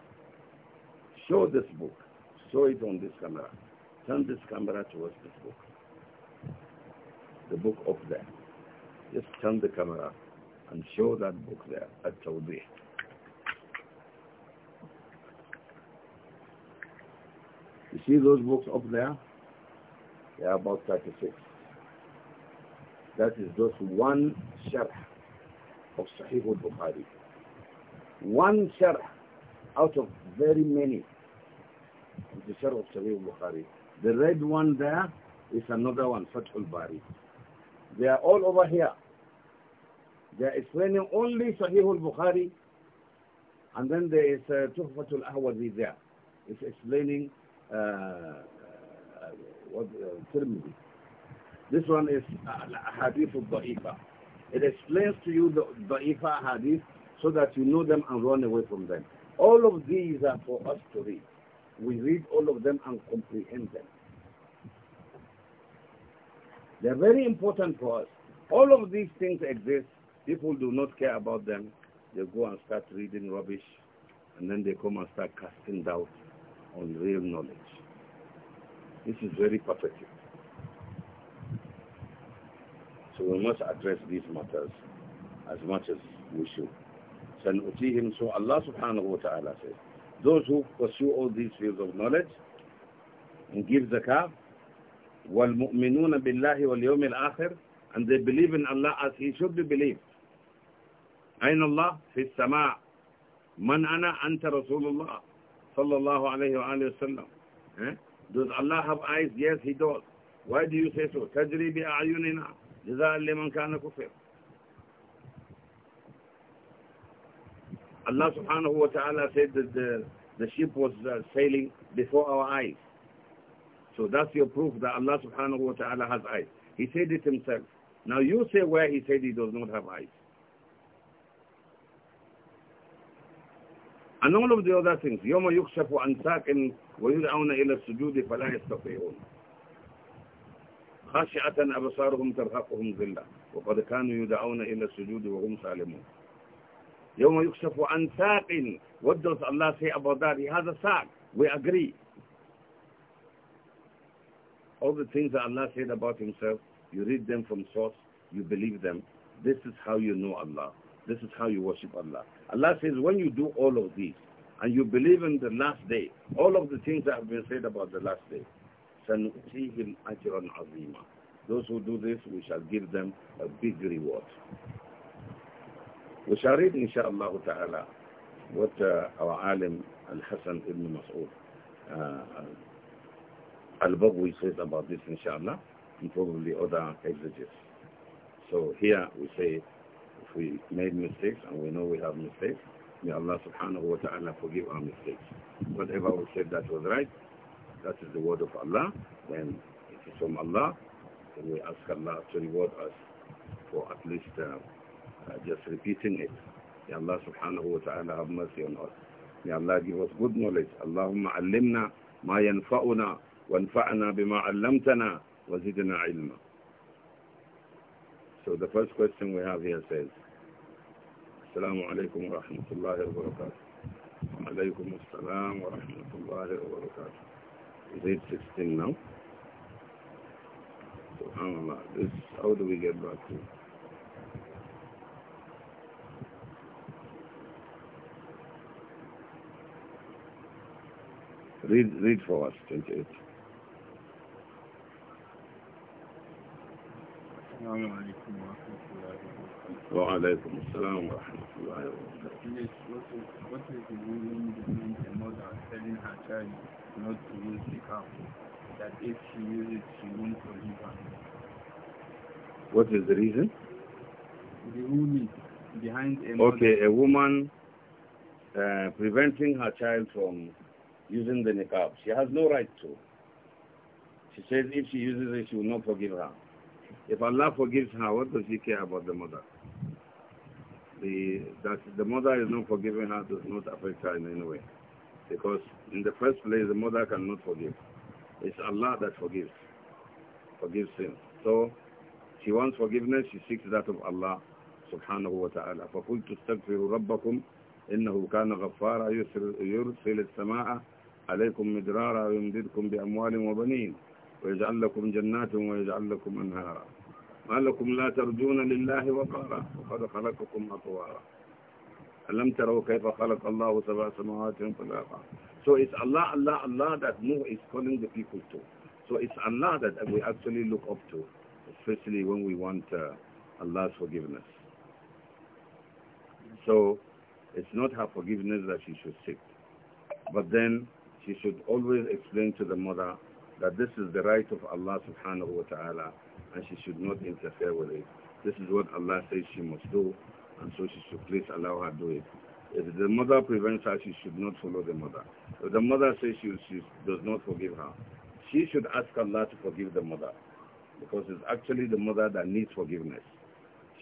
Show this book. Show it on this camera. Turn this camera towards this book. The book up there. Just turn the camera and show that book there at Tawbih. You see those books up there? They are about 36. That is just one sharh of Sahih al-Bukhari. One sharh out of very many of the sharh of Sahih al-Bukhari. The red one there is another one, Fath al-Bari. They are all over here. They are explaining only Sahih al-Bukhari and then there is uh, al-Ahwazi there. It's explaining uh, uh, uh, Tirmidhi. This one is Hadith of Da'ifa. It explains to you the Da'ifa Hadith so that you know them and run away from them. All of these are for us to read. We read all of them and comprehend them. They're very important for us. All of these things exist. People do not care about them. They go and start reading rubbish and then they come and start casting doubt on real knowledge. This is very pathetic. So we must address these matters as much as we should. سَنُؤْتِيهِمْ So Allah subhanahu wa ta'ala says, those who pursue all these fields of knowledge and give zakah, وَالْمُؤْمِنُونَ بِاللَّهِ وَالْيَوْمِ الْآخِرِ And they believe in Allah as He should be believed. أين الله في السماء من أنا أنت رسول الله sallallahu alayhi wa sallam. Eh? Does Allah have eyes? Yes, He does. Why do you say so? تَجْرِي بِأَعْيُنِنَا جِزَاءً لِمَنْ كَانَ كُفِرٍ Allah subhanahu wa ta'ala said that the, the ship was uh, sailing before our eyes. So that's your proof that Allah subhanahu wa ta'ala has eyes. He said it himself. Now you say where he said he does not have eyes. And all of the other things. يَوْمَ يُكْشَفُ عَنْ سَاكٍ وَيُدْعَوْنَ إِلَى السُّجُودِ فَلَا يَسْتَطِيعُونَ خاشعة أبصارهم ترهقهم ذلة وقد كانوا يدعون إلى السجود وهم سالمون يوم يكشف عن ساق what does Allah say about that he we agree all the things that Allah said about himself you read them from source you believe them this is how you know Allah this is how you worship Allah Allah says, when you do all of these, and you believe in the last day, all of the things that have been said about the last day, سَنُؤْتِيهِمْ أَجْرًا عَظِيمًا Those who do this, we shall give them a big reward. We shall read, inshaAllah ta'ala, what uh, our alim, Al-Hasan ibn Mas'ud, uh, Al-Bagwi says about this, insha'Allah, and probably other exegetes. So here we say, if we made mistakes, and we know we have mistakes, may Allah subhanahu wa ta'ala forgive our mistakes. Whatever we said that was right, that is the word of Allah, then it is from Allah, then we ask Allah to reward us for at least uh, uh, just repeating it. May Allah subhanahu wa ta'ala have mercy on us. May Allah give us good knowledge. Allahumma allimna ma yanfa'una وانفعنا بما علمتنا وزدنا علما so the first question we have here says, Assalamu alaikum wa rahmatullahi wa barakatuh. Alaikum assalam wa rahmatullahi wa barakatuh. Is it 16 now? SubhanAllah. This, how do we get back to it? Read, read for us, 28. السلام wa rahmatullahi wa what is, the between a mother telling her child not to use the cup, that if she uses it, she won't forgive her? What is the reason? The ruling behind a mother... Okay, a woman uh, preventing her child from using the niqab. She has no right to. She says if she uses it, she will not forgive her. If Allah forgives her, what does he care about the mother? The, that the mother is not forgiving her does not affect her in any way. Because in the first place, the mother cannot forgive. It's Allah that forgives, forgives sin. So she wants forgiveness, she seeks that of Allah subhanahu wa ta'ala. فَقُلْتُ اسْتَغْفِرُ رَبَّكُمْ إِنَّهُ كَانَ غَفَّارًا يُرْسِلِ السَّمَاءَ عَلَيْكُمْ مِدْرَارًا وَيُمْدِدْكُمْ بِأَمْوَالٍ وَبَنِينَ ويجعل لكم جنات ويجعل لكم أنهارا ما لكم لا ترجون لله وقارا وقد خلقكم أطوارا ألم تروا كيف خلق الله سبع سماوات طباقا So it's Allah, Allah, Allah that Nuh is calling the people to. So it's Allah that we actually look up to, especially when we want uh, Allah's forgiveness. So it's not her forgiveness that she should seek. But then she should always explain to the mother that this is the right of Allah subhanahu wa ta'ala and she should not interfere with it. This is what Allah says she must do and so she should please allow her do it. If the mother prevents her, she should not follow the mother. If the mother says she, she does not forgive her, she should ask Allah to forgive the mother because it's actually the mother that needs forgiveness.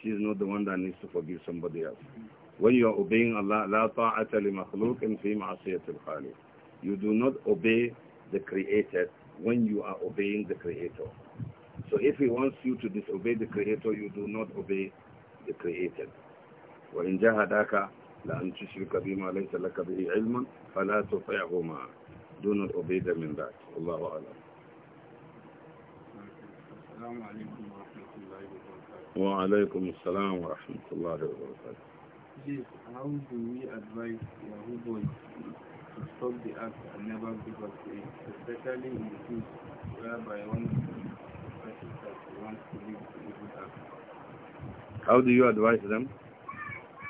She's not the one that needs to forgive somebody else. When you are obeying Allah, لا طاعة لمخلوق في معصية الخالق. You do not obey the created when you are obeying the Creator. So if He wants you to disobey the Creator, you do not obey the Creator. وإن جاهداك لأن تشرك بما ليس لك به علم فلا تطيعهما Do not obey them in that. الله أعلم. السلام عليكم ورحمة الله wa وعليكم السلام ورحمة How do we advise Yahoo boys to stop the act and never give up to it, especially in the case whereby one person that wants to leave the evil act. How do you advise them?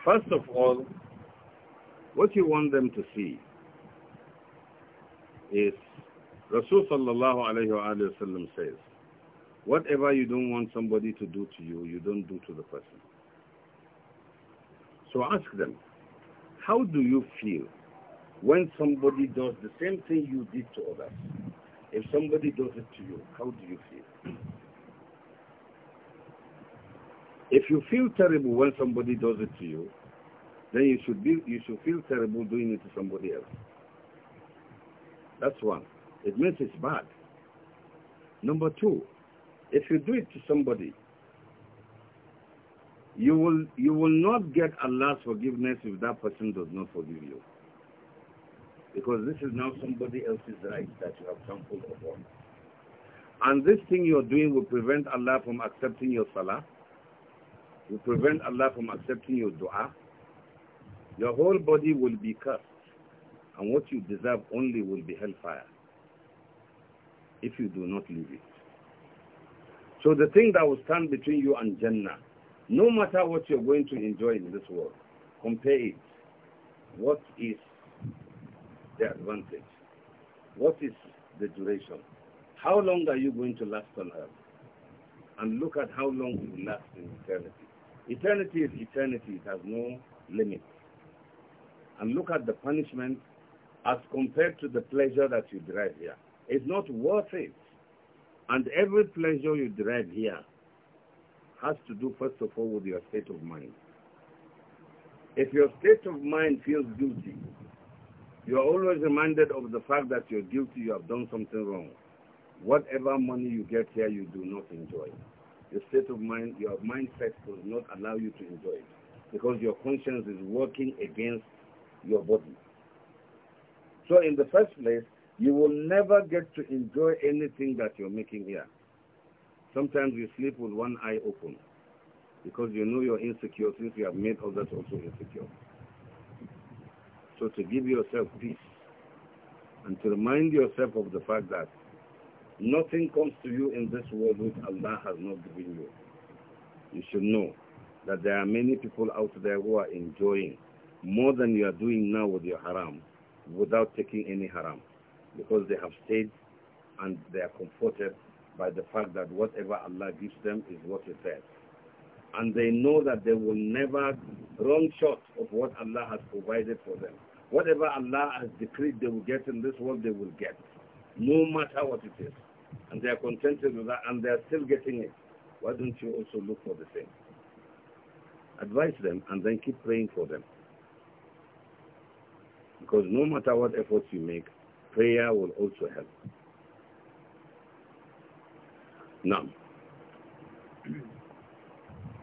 First of all, what you want them to see is Rasul sallallahu alayhi wa, alayhi wa sallam says, whatever you don't want somebody to do to you, you don't do to the person. So ask them, how do you feel when somebody does the same thing you did to others, if somebody does it to you, how do you feel? If you feel terrible when somebody does it to you, then you should be you should feel terrible doing it to somebody else. That's one. It means it's bad. Number two, if you do it to somebody, you will you will not get Allah's forgiveness if that person does not forgive you. Because this is now somebody else's right that you have trampled upon. And this thing you're doing will prevent Allah from accepting your salah, will prevent Allah from accepting your dua. Your whole body will be cursed, and what you deserve only will be hellfire if you do not leave it. So the thing that will stand between you and Jannah, no matter what you're going to enjoy in this world, compare it. What is the advantage. What is the duration? How long are you going to last on earth? And look at how long you last in eternity. Eternity is eternity. It has no limit. And look at the punishment as compared to the pleasure that you derive here. It's not worth it. And every pleasure you derive here has to do, first of all, with your state of mind. If your state of mind feels guilty, you are always reminded of the fact that you're guilty, you have done something wrong. Whatever money you get here, you do not enjoy. Your state of mind, your mindset does not allow you to enjoy it because your conscience is working against your body. So in the first place, you will never get to enjoy anything that you're making here. Sometimes you sleep with one eye open because you know you're insecure since you have made others also insecure. So to give yourself peace and to remind yourself of the fact that nothing comes to you in this world which Allah has not given you. You should know that there are many people out there who are enjoying more than you are doing now with your haram without taking any haram because they have stayed and they are comforted by the fact that whatever Allah gives them is what is theirs. And they know that they will never run short of what Allah has provided for them. Whatever Allah has decreed they will get in this world, they will get, no matter what it is. And they are contented with that, and they are still getting it. Why don't you also look for the same? Advise them, and then keep praying for them. Because no matter what efforts you make, prayer will also help. Now,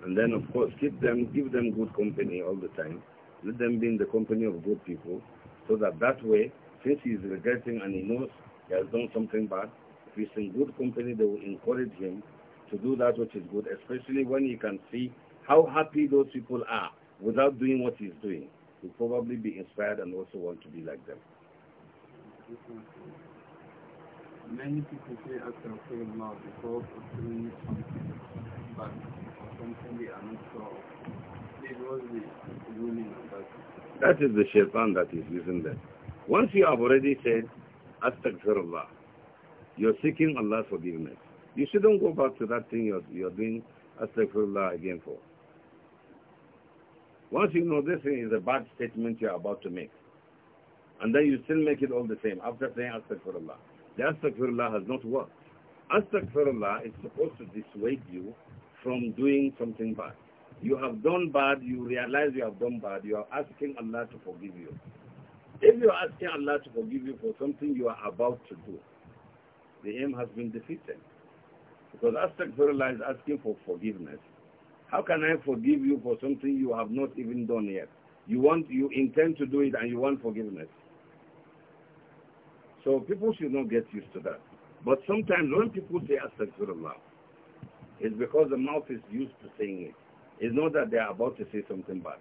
and then of course, keep them, give them good company all the time let them be in the company of good people, so that that way, since he is regretting and he knows he has done something bad, if he's in good company, they will encourage him to do that which is good, especially when he can see how happy those people are without doing what he's doing. He'll probably be inspired and also want to be like them. Many people say now because of doing something, but something they are not sure that is the shaitan that is using that. Once you have already said, Astaghfirullah, you're seeking Allah's forgiveness. You shouldn't go back to that thing you're, you're doing Astaghfirullah again for. Once you know this is a bad statement you're about to make, and then you still make it all the same after saying Astaghfirullah. The Astaghfirullah has not worked. Astaghfirullah is supposed to dissuade you from doing something bad. You have done bad, you realize you have done bad, you are asking Allah to forgive you. If you are asking Allah to forgive you for something you are about to do, the aim has been defeated. Because astaghfirullah is asking for forgiveness. How can I forgive you for something you have not even done yet? You want, you intend to do it and you want forgiveness. So people should not get used to that. But sometimes when people say astaghfirullah, it's because the mouth is used to saying it. It's not that they are about to say something bad.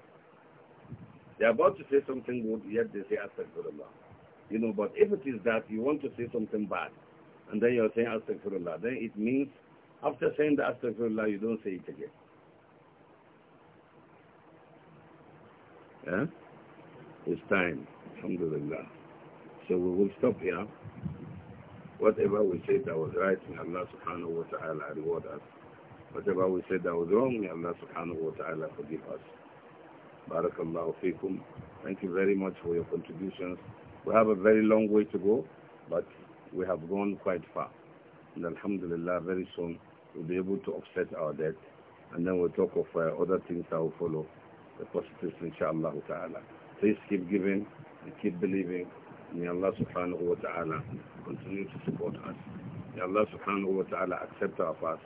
They are about to say something good, yet they say Astaghfirullah. You know, but if it is that you want to say something bad, and then you're saying Astaghfirullah, then it means after saying the Astaghfirullah, you don't say it again. Yeah? It's time. Alhamdulillah. So we will stop here. Whatever we said that was right, may Allah subhanahu wa ta'ala reward us. Whatever we said that was wrong, may Allah subhanahu wa ta'ala forgive us. Barakallahu fikum. Thank you very much for your contributions. We have a very long way to go, but we have gone quite far. And alhamdulillah, very soon we'll be able to offset our debt. And then we'll talk of uh, other things that will follow, the positives, inshallah ta'ala. Please keep giving and keep believing. May Allah subhanahu wa ta'ala continue to support us. May Allah subhanahu wa ta'ala accept our fast.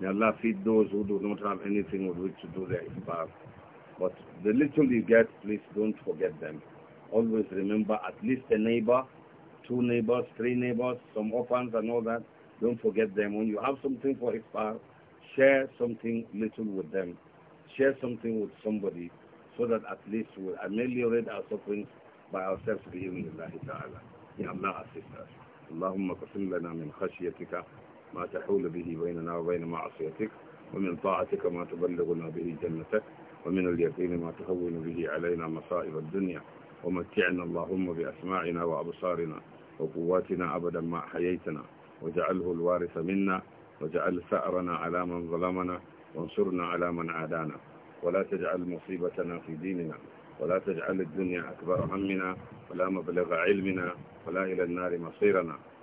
May Allah feed those who do not have anything with which to do their ibadah. But the little you get, please don't forget them. Always remember at least a neighbor, two neighbors, three neighbors, some orphans and all that. Don't forget them. When you have something for ibadah, share something little with them. Share something with somebody so that at least we'll ameliorate our sufferings by ourselves بإذن الله تعالى. assist us. اللهم قسم لنا من خشيتك ما تحول به بيننا وبين معصيتك ومن طاعتك ما تبلغنا به جنتك ومن اليقين ما تهون به علينا مصائب الدنيا ومتعنا اللهم بأسماعنا وأبصارنا وقواتنا أبدا ما حييتنا وجعله الوارث منا وجعل ثأرنا على من ظلمنا وانصرنا على من عادانا ولا تجعل مصيبتنا في ديننا ولا تجعل الدنيا أكبر همنا ولا مبلغ علمنا ولا إلى النار مصيرنا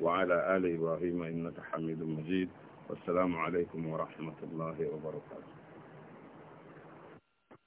وعلى آل إبراهيم إنك حميد مجيد والسلام عليكم ورحمة الله وبركاته